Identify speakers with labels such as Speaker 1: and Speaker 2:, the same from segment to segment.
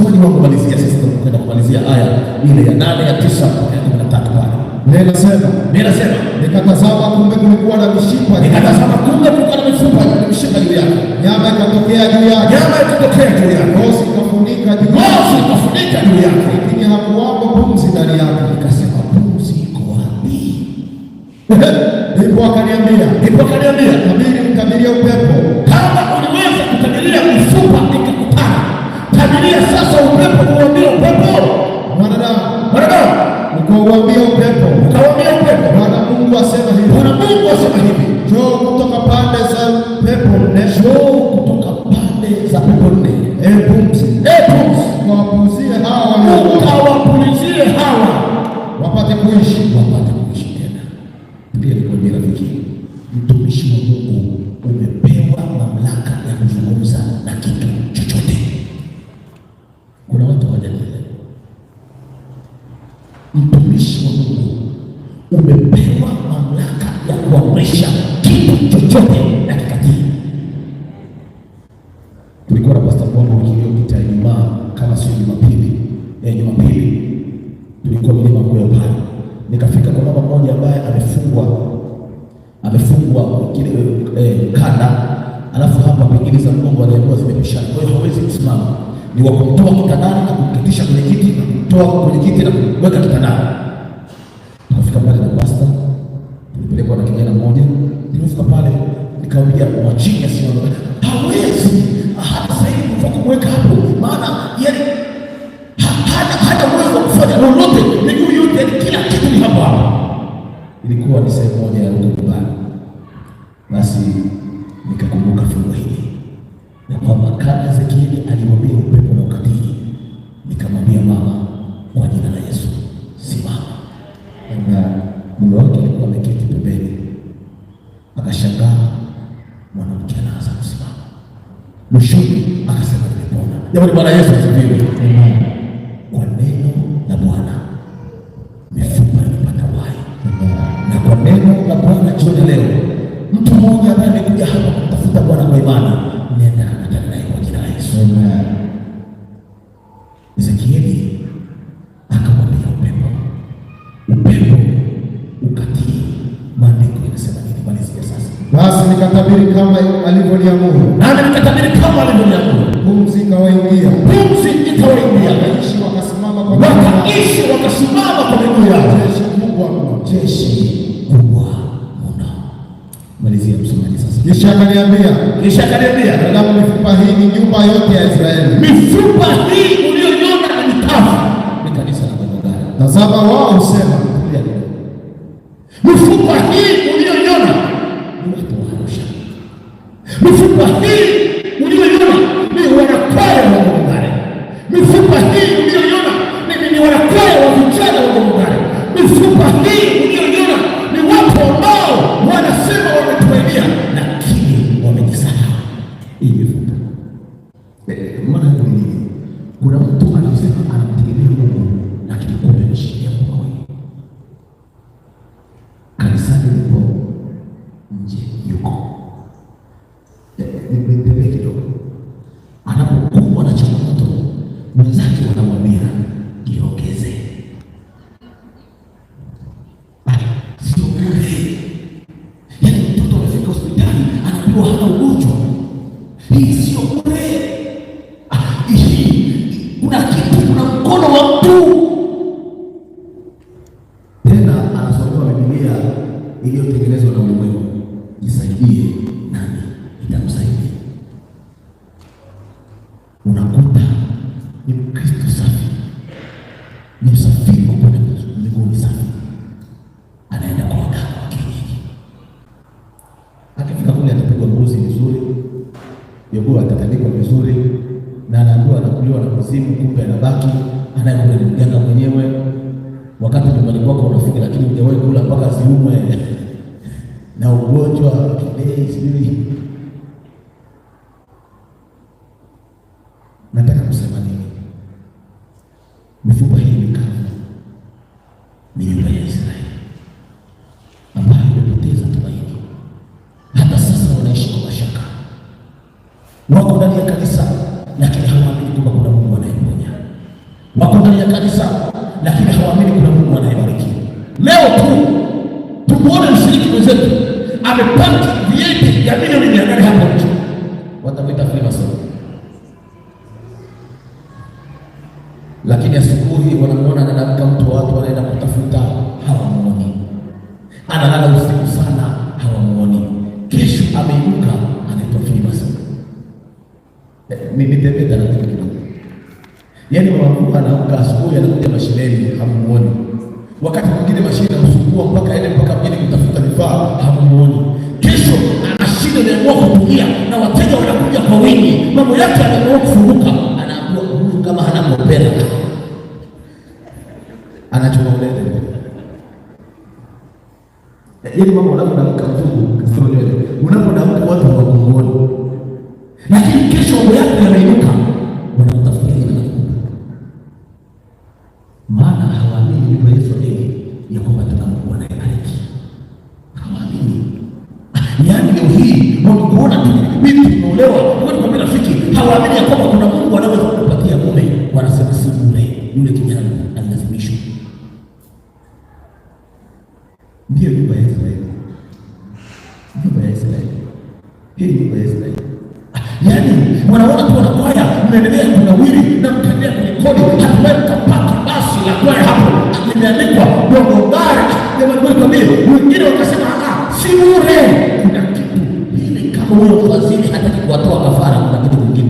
Speaker 1: Msomaji wangu kumalizia sisi tunakwenda kumalizia aya ile ya 8 ya 9 ya kumi na tatu pale. Ninasema, ninasema, nikatazama kumbe kulikuwa na mishipa,
Speaker 2: nikatazama kumbe kulikuwa na mishipa na mishipa juu yake.
Speaker 1: Nyama ikatokea juu
Speaker 2: yake, nyama ikatokea juu yake,
Speaker 1: ngozi ikafunika juu
Speaker 2: yake, ngozi ikafunika juu yake,
Speaker 1: lakini hakuwako pumzi umepewa mamlaka ya kuamrisha kitu chochote na kikajii. Tulikuwa na pasta Mbwambo wiki iliyopita Ijumaa, kama sio Jumapili, eh, Jumapili tulikuwa mlima Mgweo pale, nikafika kwa mama mmoja ambaye amefungwa amefungwa kile eh, kanda, alafu hapa pingili za mgongo alikuwa zimepishana, kwa hiyo hawezi kusimama, ni wa kumtoa kitandani na kumketisha kwenye kiti na kumtoa kwenye kiti na kumweka kitandani lolote, miguu yote, kila kitu ni hapo hapo. Ilikuwa ni sehemu moja ya ukubali. Basi nikakumbuka fungu hili na kwamba kama Ezekieli alimwambia upepo na ukatili, nikamwambia mama, kwa jina la Yesu simama. Na mume wake alikuwa ameketi pembeni, akashangaa mwanamke anaanza kusimama. Mshindi akasema nimepona.
Speaker 2: Jamani, Bwana Yesu asifiwe. Amen. anasema
Speaker 1: Ezekieli akamwambia upepo, upepo ukatii. Maandiko yanasema nini? Malizia sasa.
Speaker 2: Basi nikatabiri kama alivyoniamuru, nani? Nikatabiri kama alivyoniamuru.
Speaker 1: Pumzi ikawaingia,
Speaker 2: pumzi ikawaingia,
Speaker 1: wakaishi wakasimama,
Speaker 2: wakaishi wakasimama kwa miguu yao.
Speaker 1: Jeshi kubwa, jeshi kubwa mno. Malizia msomaji.
Speaker 2: Kisha akaniambia, kisha akaniambia,
Speaker 1: tazama, mifupa hii ni nyumba yote ya Israeli.
Speaker 2: Mifupa hii uliyoiona ni mikavu,
Speaker 1: ni kanisa la Bwana.
Speaker 2: Tazama, wao husema mifupa hii uliyoiona
Speaker 1: ni watu wa Arusha, mifupa amo alto baada ya mwenyewe wakati nyumbani kwako unafika, lakini hujawahi kula mpaka ziumwe na ugonjwa kidei sijui kwenye kanisa, lakini hawaamini kuna Mungu anayebariki. Leo tu tumuone mshiriki mwenzetu amepata vyeti ya milioni mia nane hapo nje, watamwita famous, lakini asubuhi wanamuona anadamka mtu, wa watu wanaenda kutafuta, hawamuoni. Analala usiku sana, hawamuoni. Kesho ameinuka anaitwa Mimi Nitembe taratibu Yaani mwanamke anaamka asubuhi anakuja mashineni hamuoni. Wakati mwingine mashine inamsumbua mpaka ende mpaka mjini kutafuta vifaa hamuoni. Kesho ana shida inaamua kutumia na wateja wanakuja kwa wingi. Mambo yake anaamua kufunguka, anaambiwa huyu kama hana mopera. Anachukua ulete. Yaani mambo unapoamka mzungu kasoro Unapoamka watu hawakuoni. Lakini kesho mambo yake yanainuka. binti umeolewa, nikwambia rafiki, hawaamini ya kwamba kuna Mungu anaweza kukupatia mume, wanasema si mume yule, kijana alilazimishwa. Ndiyo nyumba ya Israeli, nyumba ya Israeli, hii nyumba ya Israeli. Yaani wanaona tu wanakwaya, mnaendelea kunawiri na mtaendelea kwenye kodi, hatimaye mkapata basi la kwaya hapo limeandikwa Dongo Bara. Jamani, kwambie wengine wakasema ah, si mume huyo mfadhili hataki kuwatoa kafara, kuna kitu kingine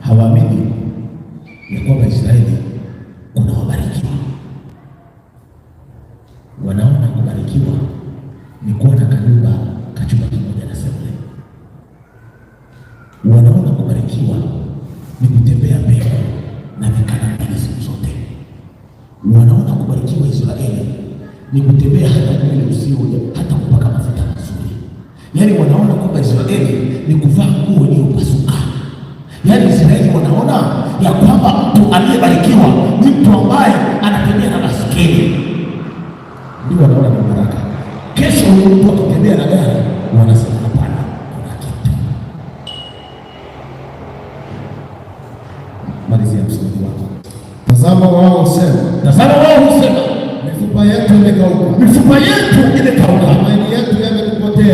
Speaker 1: hawaamini ya kwamba Israeli kuna wabarikiwa. Wanaona kubarikiwa ni kuwa na kanyumba kachumba kimoja na sebule, wanaona kubarikiwa ni kutembea mbele na vikana mbili siku zote, wanaona kubarikiwa Israeli ni kutembea hata Waisraeli wanaona kwamba Israeli ni kuvaa nguo iliyopasuka. Yaani Israeli wanaona ya kwamba mtu aliyebarikiwa ni mtu ambaye anatembea na baskeli, ndio wanaona ni baraka. Kesho mtu akitembea na gari wanasema hapana, kuna kitu. Malizia msongo wako.
Speaker 2: Tazama wao husema, tazama wao husema,
Speaker 1: mifupa yetu imekauka,
Speaker 2: mifupa yetu imekauka,
Speaker 1: tumaini yetu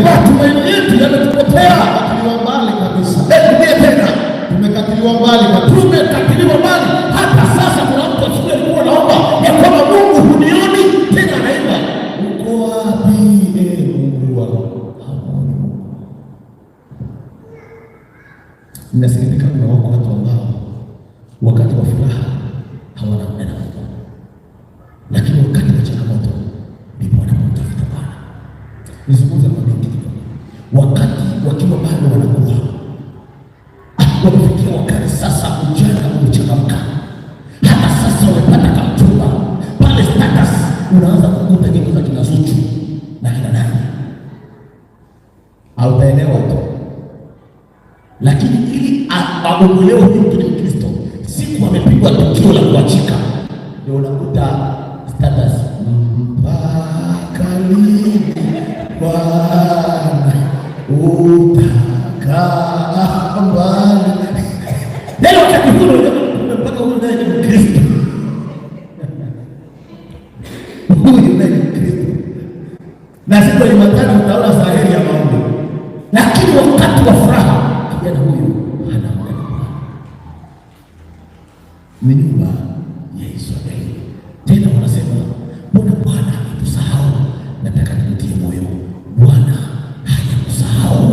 Speaker 2: matumaini yetu yametupotea,
Speaker 1: katiliwa mbali kabisa.
Speaker 2: Tulie tena,
Speaker 1: tumekatiliwa mbali,
Speaker 2: tumekatiliwa mbali. Hata sasa kuna mtu asubuhi alikuwa naomba ya kwamba Mungu hunioni tena, anaimba
Speaker 1: uko wapi e Mungu wangu? Ninasikitika kuna wako watu ambao wakati wa furaha da status mpaka lini Bwana utakaa mbali? Leo wakati huu mpaka huyu naye ni Mkristo, huyu naye ni Mkristo, na siku ya Jumatatu utaona sahari ya maombi, lakini wakati wa furaha kijana huyu hana Bwana. Ni nyumba ya Israeli. Tena wanasema mbona Bwana hakusahau? Nataka nikutie moyo, Bwana hajakusahau,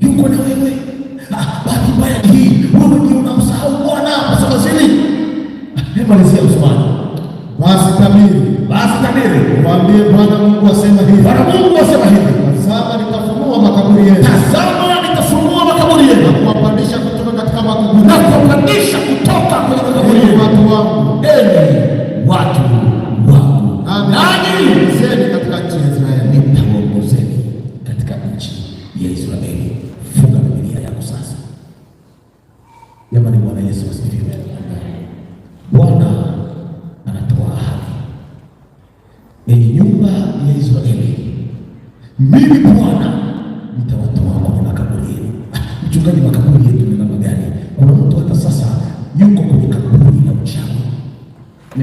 Speaker 1: yuko na wewe. Ah, bahati mbaya hii, wewe ndio unamsahau Bwana. Nasema zili nimalizia Usmani,
Speaker 2: basi tabiri,
Speaker 1: basi tabiri,
Speaker 2: mwambie Bwana Mungu asema hivi,
Speaker 1: Bwana Mungu asema hivi,
Speaker 2: tazama nitafunua makaburi yenu,
Speaker 1: tazama nitafunua makaburi yenu
Speaker 2: na kutoka katika
Speaker 1: makaburi na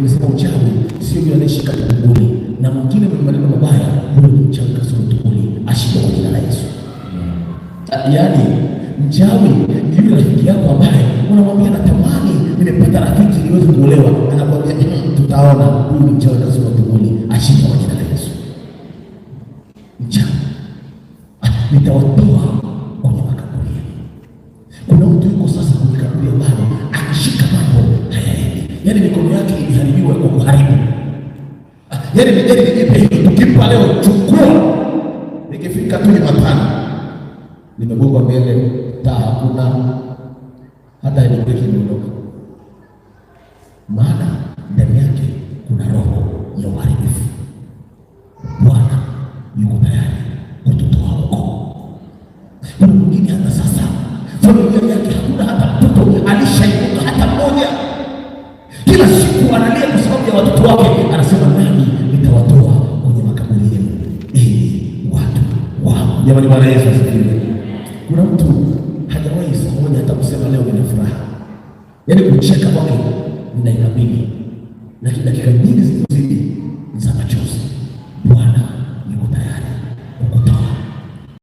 Speaker 1: Nimesema uchawi sio yule anaishi katika tubuli na mwingine mwenye maneno mabaya, huyo ni mchawi kasoro tubuli, ashike kwa jina la Yesu. Ah, yaani mchawi ni yule rafiki yako ambaye unamwambia natamani nimepata rafiki niweze kuolewa, anakuambia hmm, tutaona. Huyu ni mchawi kasoro tubuli, ashike heri mijeri hivi, Tukimpa leo, chukua. Nikifika tu Jumatano nimegonga mbele, taa hakuna, hata ilibeki imeondoka, maana ndani yake kuna roho ya uharibifu. Bwana yuko tayari kututoa huko. mwingine hata sasa familia yake hakuna hata mtoto, alishainuka hata mmoja, kila siku analia kwa sababu ya watoto wake, anasema Jamani, Bwana Yesu asifiwe. Kuna mtu hajawahi siku moja hata kusema leo nina furaha, yaani kucheka kwake ninainamini, lakini dakika nyingi zilizozidi za macho